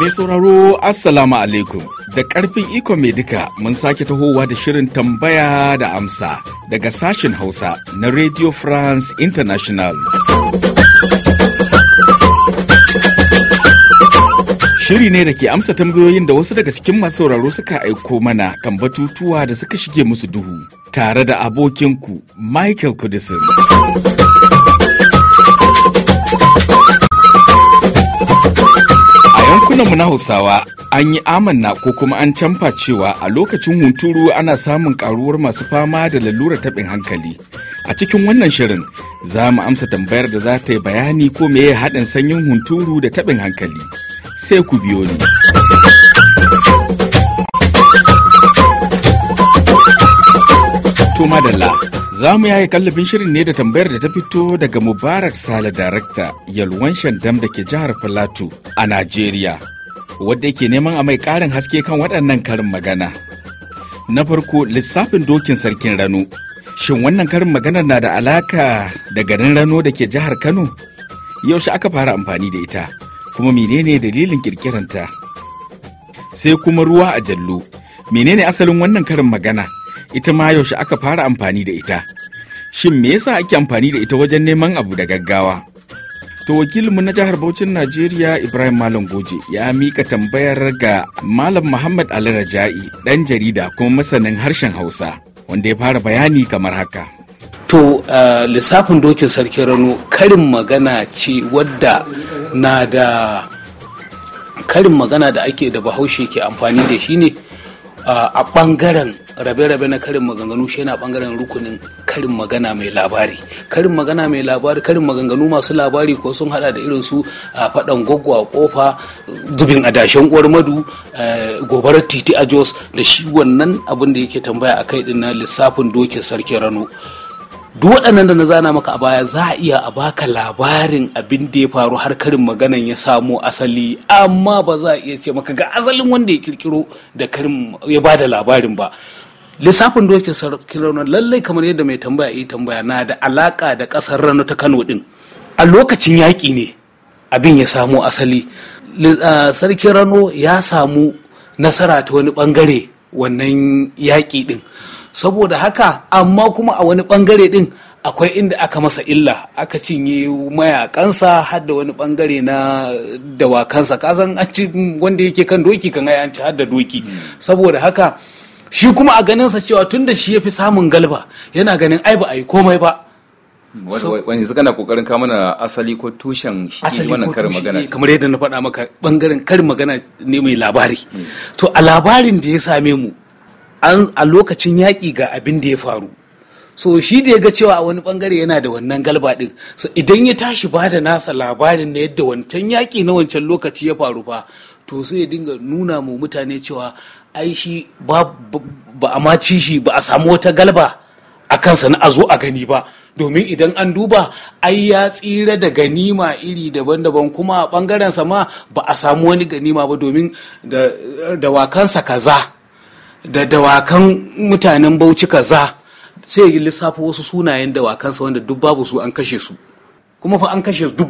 Mai sauraro Assalamu alaikum da ƙarfin iko mai duka mun sake tahowa da shirin tambaya da amsa daga sashen Hausa na Radio France International. Shiri ne da ke amsa tambayoyin da wasu daga cikin masu sauraro suka aiko mana kan batutuwa da suka shige musu duhu tare da abokinku Michael Kudisin. yankunanmu na hausawa an yi amanna ko kuma an canfa cewa a lokacin hunturu ana samun karuwar masu fama da lalurar taɓin hankali a cikin wannan shirin za mu amsa tambayar da za ta yi bayani ko meye haɗin sanyin hunturu da taɓin hankali sai ku biyo ni to madalla Za mu yaye kallafin shirin ne da tambayar da ta fito daga Mubarak Sale Darakta Yalwan Shandam da ke jihar Filato a Najeriya, wadda ke neman a mai ƙarin haske kan waɗannan karin magana. Na farko lissafin dokin sarkin Rano. Shin wannan karin magana na da alaka da garin Rano da ke jihar Kano? Yaushe aka fara amfani da ita, kuma menene dalilin kirkiranta? Sai kuma ruwa a jallo. Menene asalin wannan karin magana? ita ma yaushe aka fara amfani da ita shin me yasa ake amfani da ita wajen neman abu da gaggawa to wakilinmu na jihar Bauchin Najeriya Ibrahim Malam Goje ya mika tambayar ga Malam Muhammad Ali Raja'i dan jarida kuma masanin harshen Hausa wanda ya fara bayani kamar haka to uh, lissafin dokin sarki rano karin magana ce wadda na da karin magana da ake da bahaushe ke amfani da shi ne uh, a ɓangaren rabe-rabe na karin maganganu shi yana bangaren rukunin karin magana mai labari karin magana mai labari karin maganganu masu labari ko sun hada da irin su a faɗan gwaggwa kofa zubin adashen uwar madu eh, gobarar titi a jos da shi wannan abin da yake tambaya a kai din lissafin dokin sarki rano duk waɗannan da na zana maka a baya za a iya a baka labarin abin da ya faru har karin maganan ya samo asali amma ba za a iya ce maka ga asalin wanda ya kirkiro da karin ya bada labarin ba lissafin dokin sarki rano lallai kamar yadda mai tambaya yi tambaya na da alaka da kasar rano ta kano din a lokacin yaƙi ne abin ya samu asali sarki rano ya samu nasara ta wani bangare wannan yaƙi din saboda haka amma kuma a wani bangare din akwai inda aka masa illa aka cinye mayakansa har da wani bangare na dawakansa kasan an ci wanda yake kan doki kan ai an ci har da doki saboda haka shi kuma a ganin sa cewa tun da shi ya fi samun galba yana ganin ai ba a yi komai ba wani suka na kokarin kama na asali ko tushen shi wannan karin magana kamar yadda na faɗa maka bangaren karin magana ne mai labari hmm. to a labarin da ya same mu a lokacin yaƙi ga abin da ya faru so shi da ya ga cewa a wani bangare yana da wannan galba din so idan ya tashi ba da nasa labarin na yadda wancan yaƙi na wancan lokaci ya faru ba to sai ya dinga nuna mu mutane cewa ai shi ba a maci shi ba a samu wata galba a kansa na a a gani ba domin idan an duba ai ya tsira da ganima iri daban-daban kuma a bangaren ma ba a samu wani ganima ba domin dawakansa kaza da dawakan mutanen bauchi kaza sai lissafo wasu sunayen dawakansa wanda duk babu su an kashe su kuma fa an kashe duk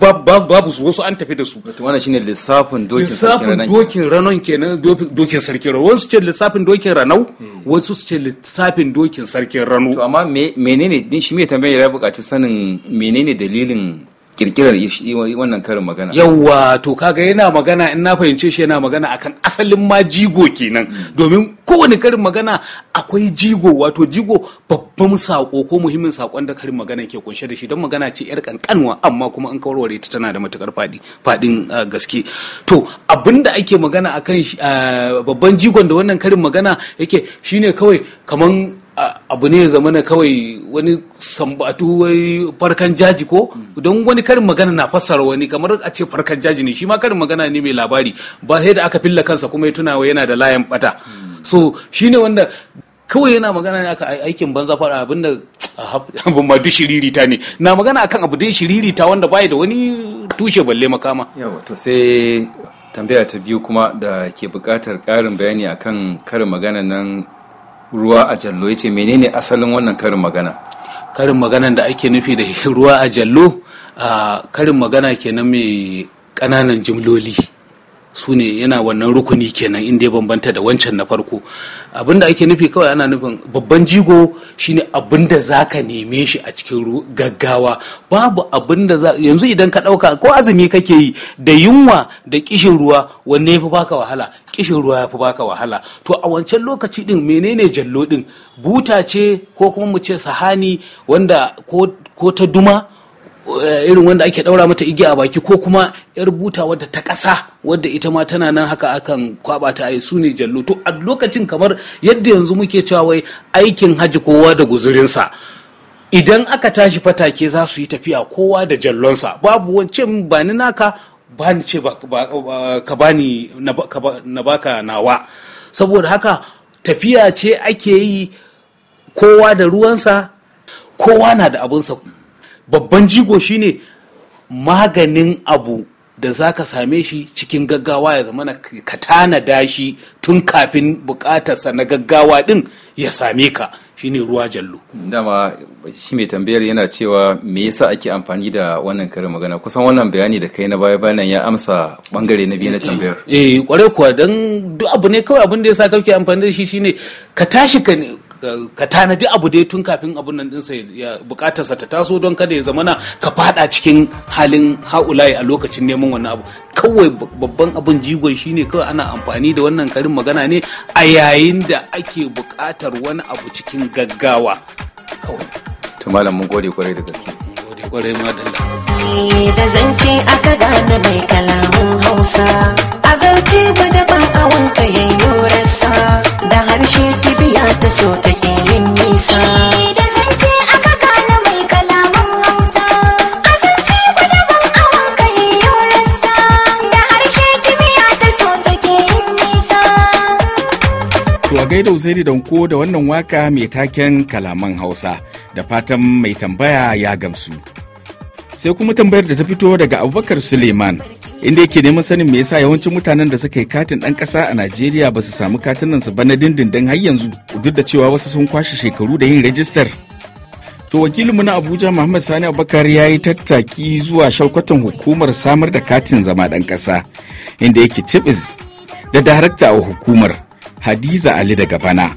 babu su wasu an tafi da su wato wannan shine lissafin dokin sarkin ranan dokin ranon kenan dokin sarkin ranon wasu ce lissafin dokin ranau hmm. wasu su ce lissafin dokin sarkin rano to amma menene din shi me tambayar ya buƙaci sanin menene dalilin kirkirar wannan karin magana yawwa to kaga yana magana in na fahimce shi yana magana akan asalin ma jigo kenan domin kowane karin magana akwai jigo wato jigo babban sako ko muhimmin sakon da karin magana ke kunshe da shi don magana ce yar kankanwa amma kuma an kawarware ta tana da matukar fadi fadin ah, gaske to abinda ake magana akan ah, babban jigon da wannan karin magana yake shine kawai kaman abu ne ya zama na kawai wani sambatu wai farkan jaji ko don wani karin magana na fassara wani kamar a ce farkan jaji ne shi ma karin magana ne mai labari ba sai da aka filla kansa kuma ya wa yana da layan bata so shi ne wanda kawai yana magana ne aka aikin banza fara abinda abin ma duk shiririta ne na magana akan abu dai shiririta wanda bai da wani tushe balle makama yawa to sai tambaya ta biyu kuma da ke buƙatar ƙarin bayani akan karin magana nan ruwa a jallo ya ce menene asalin wannan karin magana karin magana da ake nufi da ruwa a jallo karin magana kenan mai ƙananan jimloli su ne yana wannan rukuni kenan inda ya bambanta da wancan na farko abinda ake nufi kawai ana nufin babban jigo shine abinda za ka neme shi a cikin gaggawa babu abinda za yanzu idan ka ɗauka ko azumi kake yi da yunwa da kishin ruwa wanne ya fi baka wahala kishin ruwa ya fi baka wahala to a wancan lokaci din menene jallo din buta ce ko kuma mu ce sahani wanda ko ta duma Eh, irin wanda ake ɗaura mata igi a baki ko kuma yar buta wadda ta ƙasa wadda ita ma tana nan haka akan kwaba ta ai su ne jallo to a lokacin kamar yadda yanzu muke cewa wai aikin haji kowa da guzurinsa idan aka tashi fatake za su yi tafiya kowa da jallonsa babu wance ba ni naka ba ni ce ka bani na baka nawa saboda haka tafiya ce ake yi kowa da ruwansa kowa na da abinsa babban jigo shine maganin abu da za ka same shi cikin gaggawa ya zama ka tanada shi tun kafin bukatarsa na gaggawa din ya same ka shine ruwa jallo dama shi mai tambayar yana cewa me yasa ake amfani da wannan karin magana kusan wannan bayani da kai na baya bayan ya amsa bangare na biyu na tambayar eh kware kuwa don duk abu ne kawai abin da yasa kake amfani da shi shine ka tashi ka ne. ka tanadi abu dai tun kafin abun nan ɗinsa ya bukatarsa ta taso don kada ya zamana ka fada cikin halin ha'ulayi a lokacin neman wannan abu kawai babban abun jigon shine kawai ana amfani da wannan karin magana ne a yayin da ake bukatar wani abu cikin gaggawa kawai. Tumalan mun gode kwarai da gaske. Mun gode kwarai Allah. ne da zance aka gane mai kalaman hausa a zance gwada a wanka yayyo rasa da harshe kibiya ta so ta yin nisa da zance aka gane mai kalamun hausa a zance gwada a wanka yayyo rasa da harshe kibiya ta so eh, ta yin nisa to a gaida usaidi danko da wannan waka mai taken kalaman hausa da fatan mai tambaya ya gamsu sai kuma tambayar da ta fito daga abubakar suleiman inda yake neman sanin me yasa yawancin mutanen da suka yi katin dan kasa a najeriya ba su samu katinan su ba na dindindin har yanzu duk da cewa wasu sun kwashe shekaru da yin rajistar to wakilinmu na abuja muhammad sani abubakar ya yi tattaki zuwa shaukatan hukumar samar da katin zama dan kasa inda yake chibis da darakta a hukumar hadiza ali daga bana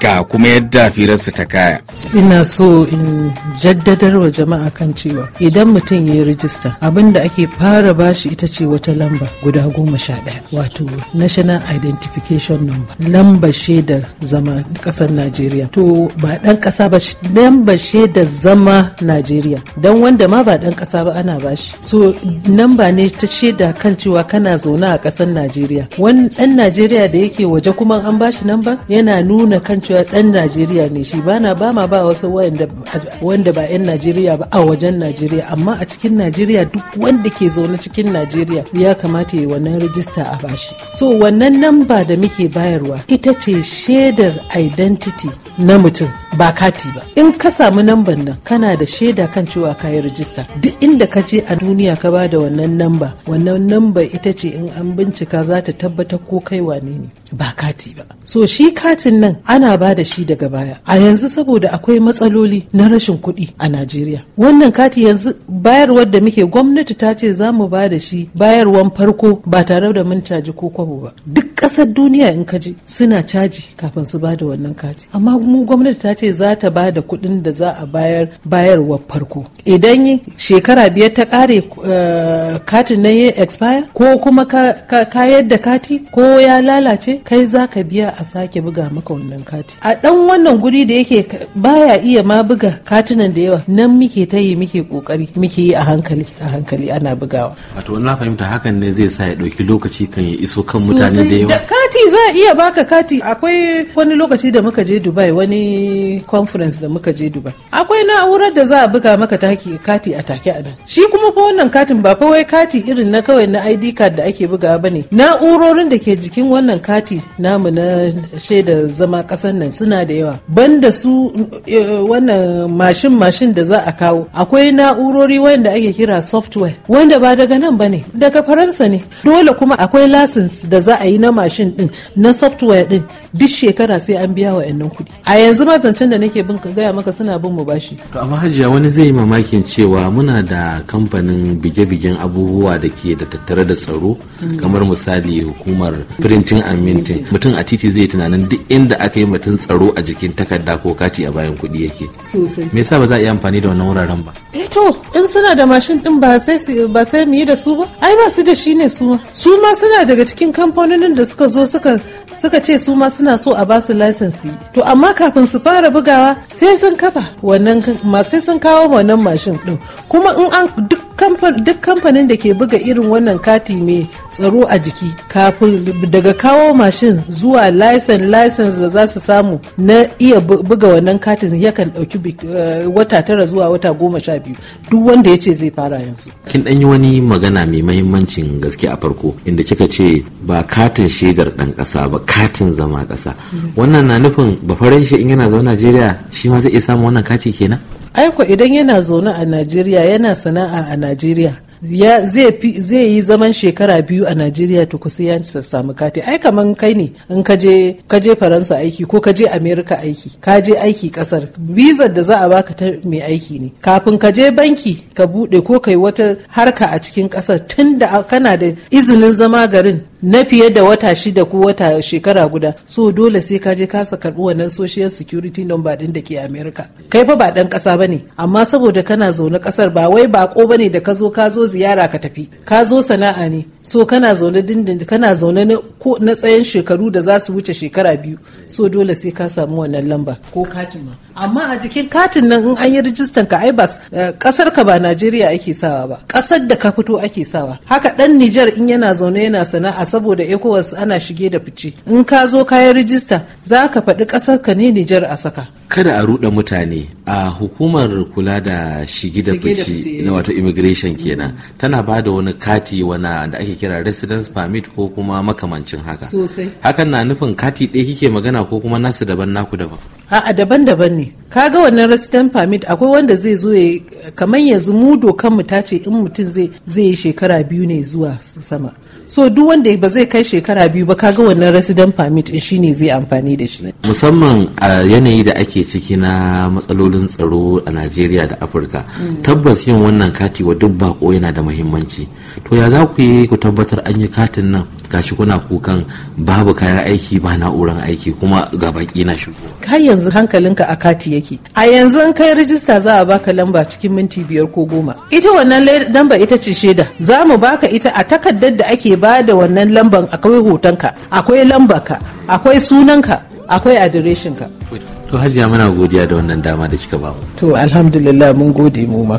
ga kuma yadda firarsa ta kaya. Ina so in jaddadar wa jama'a kan cewa idan mutum ya yi rijista abin da ake fara bashi ita ce wata lamba guda goma sha ɗaya wato National Identification Number lamba shaidar zama ƙasar Najeriya. To ba ɗan ƙasa ba lamba shaidar zama Najeriya don wanda ma ba ɗan ƙasa ba ana bashi. So lamba ne ta shaida kan cewa kana zaune a ƙasar Najeriya. Wani ɗan Najeriya da yake waje kuma an bashi lamba yana nuna kan cewa ɗan najeriya ne shi bana ba ma ba wasu wanda ba 'yan najeriya ba a wajen najeriya amma a cikin najeriya duk wanda ke zaune cikin najeriya ya kamata yi wannan rijista a bashi so wannan namba da muke bayarwa ita ce shaidar identity na mutum ba kati ba in ka samu namban nan kana da shaida kan cewa ka yi rijista duk inda ka je a duniya ka ba da wannan namba wannan namba ita ce in an bincika za ta tabbatar ko kai wane ne ba kati ba so shi katin nan ana ba da shi daga baya a yanzu saboda akwai matsaloli na rashin kuɗi a najeriya wannan kati yanzu bayarwar da muke gwamnati ta ce za mu ba da shi bayarwan farko ba tare da mun caji ko kwabo ba duk ƙasar duniya in ka ji suna caji kafin su ba da wannan kati amma mu gwamnati ta ce za ta ba da kuɗin da za a bayar bayarwar farko idan shekara biyar ta ƙare eh, katin nan ya expire ko kuma ka yadda kati ko ya lalace kai za ka biya a sake buga maka wannan kati a dan wannan guri da yake baya iya ma buga katinan da yawa nan muke ta yi muke kokari muke yi a hankali a hankali ana bugawa wato na fahimta hakan ne zai sa ya dauki lokaci kan ya iso kan mutane da yawa kati za a iya baka kati akwai wani lokaci da muka je dubai wani conference da muka je dubai akwai na'urar da za a buga maka taki kati a take a nan shi kuma fa wannan katin ba fa wai kati irin na kawai na id card da ake buga ba ne na'urorin da ke jikin wannan kati namu na shaida zama kasan nan suna da yawa banda su eh, wannan mashin mashin da za a kawo akwai na'urori wanda ake kira software wanda ba daga nan ba ne daga faransa ne dole kuma akwai lasins da za a yi na mashin din din na software din duk shekara sai an biya wa yannan kuɗi a yanzu ma zancen da nake bin ka gaya maka suna bin mu bashi to amma hajiya wani zai yi mamakin cewa muna da kamfanin bige-bigen abubuwa da ke da tattare da tsaro kamar misali hukumar printing and minting mutum a titi zai tunanin duk inda aka yi mutum tsaro a jikin takarda ko kati a bayan kuɗi yake sosai me yasa ba za a iya amfani da wannan wuraren ba eh to in suna da mashin din ba sai ba sai mu yi da su ba ai ba su da shi ne su ma su ma suna daga cikin kamfanonin da suka zo suka ce su ma suna so a basu lasansi to amma kafin su fara bugawa sai sun kafa wannan sai sun kawo wannan mashin din kuma in an duk kamfanin da ke buga irin wannan kati mai tsaro a jiki kafin daga kawo mashin zuwa license license da za su samu na iya buga wannan katin yakan dauki eh, wata tara zuwa wata goma sha biyu duk wanda ya ce zai fara yanzu kin dan yi wani magana mai mahimmancin gaske a farko inda kika ce ba katin shaidar ɗan ƙasa ba katin zama ƙasa wannan na nufin ba faranshe in yana zaune najeriya shi ma zai iya samun wannan kati kenan aiko idan yana zaune a najeriya yana sana'a a najeriya ya zai yi zaman shekara biyu a najeriya to kusa ya samu kati ai kaman kai ne in ka je faransa aiki ko ka je america aiki ka je aiki kasar bizar da za a baka ta mai aiki ne kafin ka je banki ka bude ko kai wata harka a cikin kasar tun da kana da izinin zama garin na fiye da wata shida ko wata shekara guda so dole sai ka je kasa karbi wannan social security number din da ke america kai fa ba dan kasa bane amma saboda kana zaune kasar ba wai bako bane da ka zo ziyara ka tafi ka zo sana'a ne so kana zaune dindin kana zaune ko na tsayan shekaru da za su wuce shekara biyu so dole sai ka samu wannan lamba ko katin ma amma a jikin katin nan in an yi rijistan ka ai ba kasar eh, ka ba Najeriya ake sawa ba kasar da ka fito ake sawa haka dan Nijar in yana zaune yana sana'a saboda ECOWAS ana shige da fice in ka zo ka yi rijista za ka faɗi kasar ka ne Nijar a saka kada a ruɗa mutane a hukumar kula da shige da fice na eh. wato immigration kenan mm. tana ba da wani kati wana da ake kira residence permit ko kuma makamancin makamancin haka sosai hakan na nufin kati ɗaya kike magana ko kuma nasu daban naku daban a'a daban-daban ne kaga wannan resident permit akwai wanda zai zo ya kamar yanzu mu dokan mu ta ce in mutum zai zai yi shekara biyu ne zuwa sama so duk wanda ba zai kai shekara biyu ba kaga wannan resident permit in shine zai amfani da shi musamman a yanayi da ake ciki na matsalolin tsaro a Najeriya da Afirka mm. tabbas yin wannan kati wa duk bako yana da muhimmanci to ya za ku yi ku tabbatar an yi katin nan gashi kuna kukan babu kayan aiki ba na'uran aiki kuma ga baki na shigo har yanzu hankalinka a kati yake a yanzu in kai rijista za a baka lamba cikin minti biyar ko goma ita wannan lamba ita ce shaida za mu baka ita a takardar da ake ba da wannan lamban akwai hotonka akwai lambarka akwai sunanka akwai adireshinka to hajiya muna godiya da wannan dama da kika bamu to alhamdulillah mun gode mu ma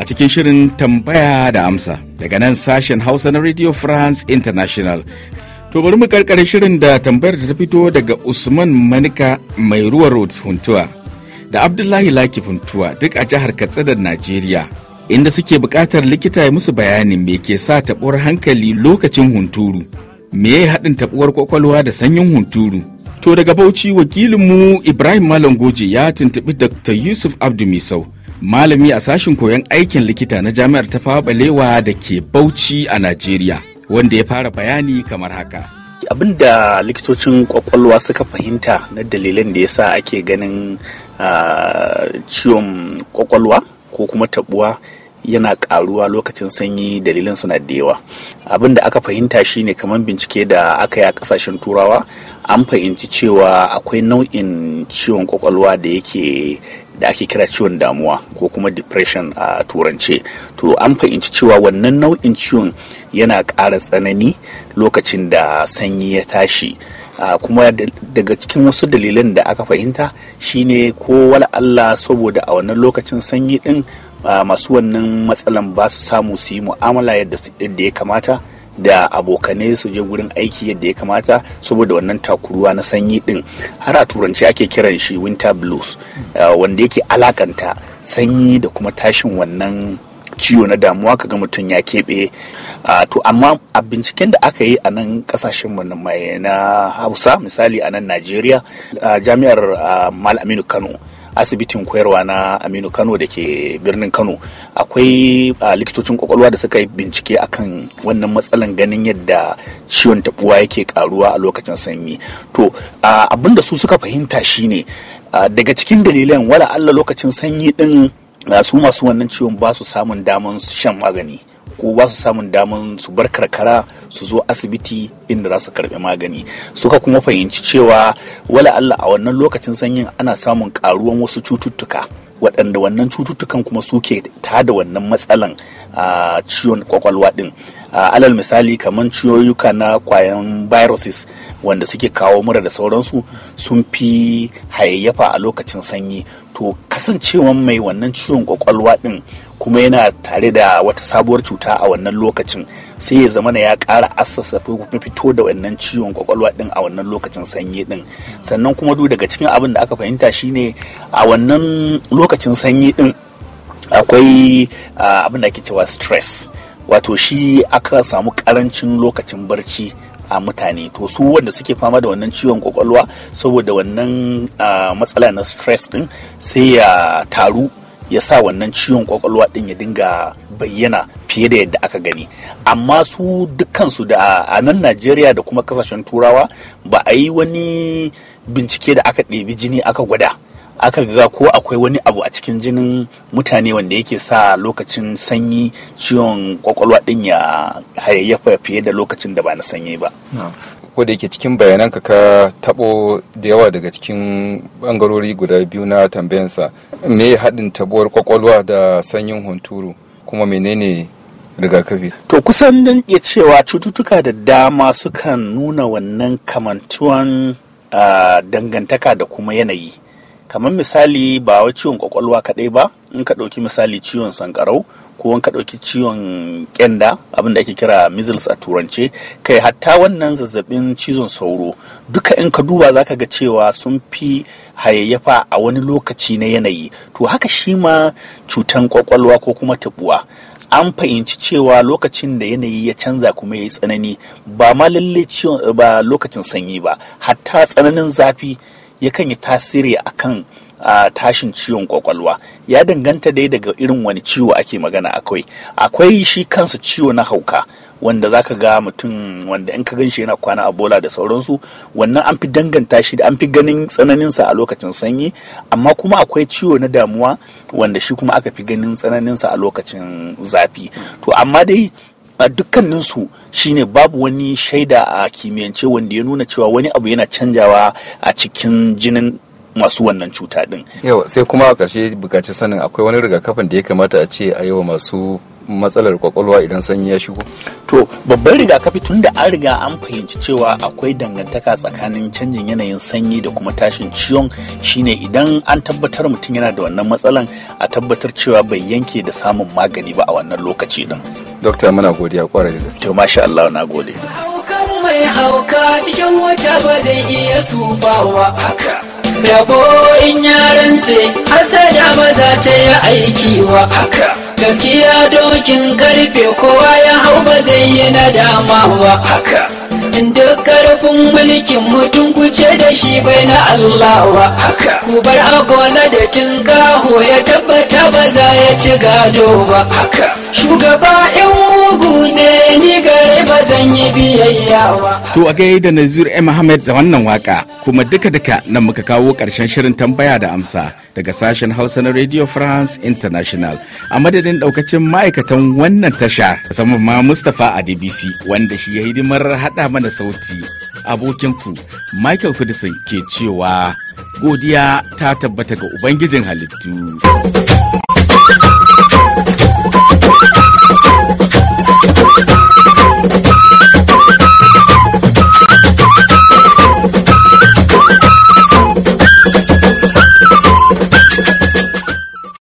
a cikin shirin tambaya da amsa daga nan sashen Hausa na Radio France International. To bari mu karkare shirin da tambayar da ta fito daga Usman Manika mai ruwa Road Huntuwa da Abdullahi Laki Huntuwa duk a jihar Katsina Najeriya. Inda suke bukatar likita ya musu bayani me ke sa taɓuwar hankali lokacin hunturu, me ya haɗin tabuwar kwakwalwa da sanyin hunturu. To daga Bauchi wakilinmu Ibrahim Malam Goje ya tuntuɓi Dr. Yusuf Abdu Misau malami a sashen koyon aikin likita na jami'ar ta balewa da ke bauchi a najeriya wanda ya fara bayani kamar haka abin da likitocin kwakwalwa suka fahimta na dalilin da ya sa ake ganin ciwon kwakwalwa ko kuma tabuwa yana karuwa lokacin sanyi dalilan suna da yawa abin da aka fahimta shine kamar bincike da aka yi a kasashen turawa an fahimci cewa akwai nau'in ciwon kwakwalwa da yake da ake kira ciwon damuwa ko kuma depression a turance to an fahimci cewa wannan nau'in ciwon yana ƙara tsanani lokacin da sanyi ya tashi kuma daga cikin wasu dalilan da aka fahimta shine ko wala Allah saboda a wannan lokacin sanyi din masu wannan matsalan ba su samu su yi mu'amala yadda ya kamata da abokanai su je gurin aiki yadda ya kamata saboda wannan takuruwa na sanyi din har a turanci ake kiran shi winter blues uh, wanda yake alakanta sanyi da kuma tashin wannan ciwo na damuwa kaga mutum ya keɓe uh, to amma a binciken da aka yi a nan kasashen mu na hausa misali a nan najeriya uh, jami'ar mal kano asibitin koyarwa na aminu kano da ke birnin kano akwai likitocin kwakwalwa da suka yi bincike akan wannan matsalan ganin yadda ciwon tabuwa yake karuwa a lokacin sanyi to abin da su suka fahimta shine daga cikin dalilan wala allah lokacin sanyi din su masu wannan ciwon ba su samun damar shan magani ko ba su samun daman su bar karkara su zo asibiti inda za su karbi magani suka kuma fahimci cewa wala Allah a wannan lokacin sanyin ana samun karuwan wasu cututtuka waɗanda wannan cututtukan kuma suke da wannan matsalan a ciwon kwakwalwa ɗin alal misali kamar ciyoyuka na kwayan viruses wanda suke kawo mura da sauransu sun fi hayayyafa a lokacin sanyi to kasancewan mai wannan ciwon kwakwalwa din kuma yana tare da wata sabuwar cuta a wannan lokacin sai ya zama ya ƙara kuma fito da wannan ciwon kwakwalwa din a wannan lokacin sanyi din sannan kuma duk daga cikin abin da aka fahimta shine a wannan lokacin sanyi din akwai ah, abin da ake cewa stress wato shi aka samu karancin lokacin barci a mutane to su wanda suke fama da wannan ciwon kwakwalwa saboda wannan matsala na stress din sai ya taru ya sa wannan ciwon kwakwalwa din ya dinga bayyana fiye da yadda aka gani amma su dukkansu da a nan najeriya da kuma kasashen turawa ba a yi wani bincike da aka ɗebi jini aka gwada aka ga ko akwai wani abu a cikin jinin mutane wanda yake sa lokacin sanyi ciwon kwakwalwa din ya hayayyafa fiye da lokacin da ba na sanyi ba ko da yake cikin bayanan ka tabo da yawa daga cikin bangarori guda biyu na tambayansa me haɗin tabuwar kwakwalwa da sanyin hunturu kuma menene rigakafi. To kusan dan iya cewa cututtuka da dama sukan nuna wannan kamantuwan ah, dangantaka da kuma yanayi. kamar misali ba wa ciwon kwakwalwa kaɗai ba in ka ɗauki misali ciwon sankarau ko in ka ɗauki ciwon ƙyanda abin da ake kira measles a turance kai hatta wannan zazzabin cizon sauro duka in ka duba zaka ga cewa sun fi hayayyafa a wani lokaci na yanayi to haka shi ma cutan kwakwalwa ko kuma taɓuwa an fahimci cewa lokacin da yanayi ya canza kuma ya yi tsanani ba ma lalle ba lokacin sanyi ba hatta tsananin zafi yakan yi tasiri a kan tashin ciwon kwakwalwa ya danganta dai daga irin wani ciwo ake magana akwai akwai shi kansa ciwo na hauka wanda za ka ga mutum wanda in ka gan shi yana kwana a bola da sauransu wannan an fi danganta shi da an fi ganin tsananinsa a lokacin sanyi amma kuma akwai ciwo na damuwa wanda shi kuma aka fi ganin tsananinsa a lokacin zafi to amma dai a dukkaninsu shine babu wani shaida a kimiyyance wanda ya nuna cewa wani abu yana canjawa a cikin jinin masu wannan cuta din. Yau sai kuma a ƙarshe bukaci sanin akwai wani rigakafin da ya kamata a ce a yawa masu matsalar kwakwalwa idan sanyi ya shigo? To, babban rigakafi tun da an riga an fahimci cewa akwai dangantaka tsakanin canjin yanayin sanyi da kuma tashin ciwon shine idan an tabbatar mutum yana da wannan matsalan a tabbatar cewa bai yanke da samun magani ba a wannan lokaci din. dokta muna godiya kwarai da gaske masha Allah na gode mai hauka cikin wata ba zai iya su bawa, wa haka rabo in yaran sai hasada ba za ta yi aiki wa haka gaskiya dokin karfe kowa ya hau ba zai yi nadama wa haka duk karfin mulkin mutum kuce da shi bai na Allah wa haka ku bar agola da tinkaho ya tabbata ba za ya ci gado ba haka shugaba yan mugu ne ni gare ba zan yi biyayyawa to a da nazir m ahmed da wannan waka kuma duka duka nan muka kawo karshen shirin tambaya da amsa daga sashen hausa na radio france international a madadin ɗaukacin ma'aikatan wannan tasha musamman ma mustapha a dbc wanda shi ya hidimar haɗa mana sauti abokinku michael kudisin ke cewa godiya ta tabbata ga ubangijin halittu.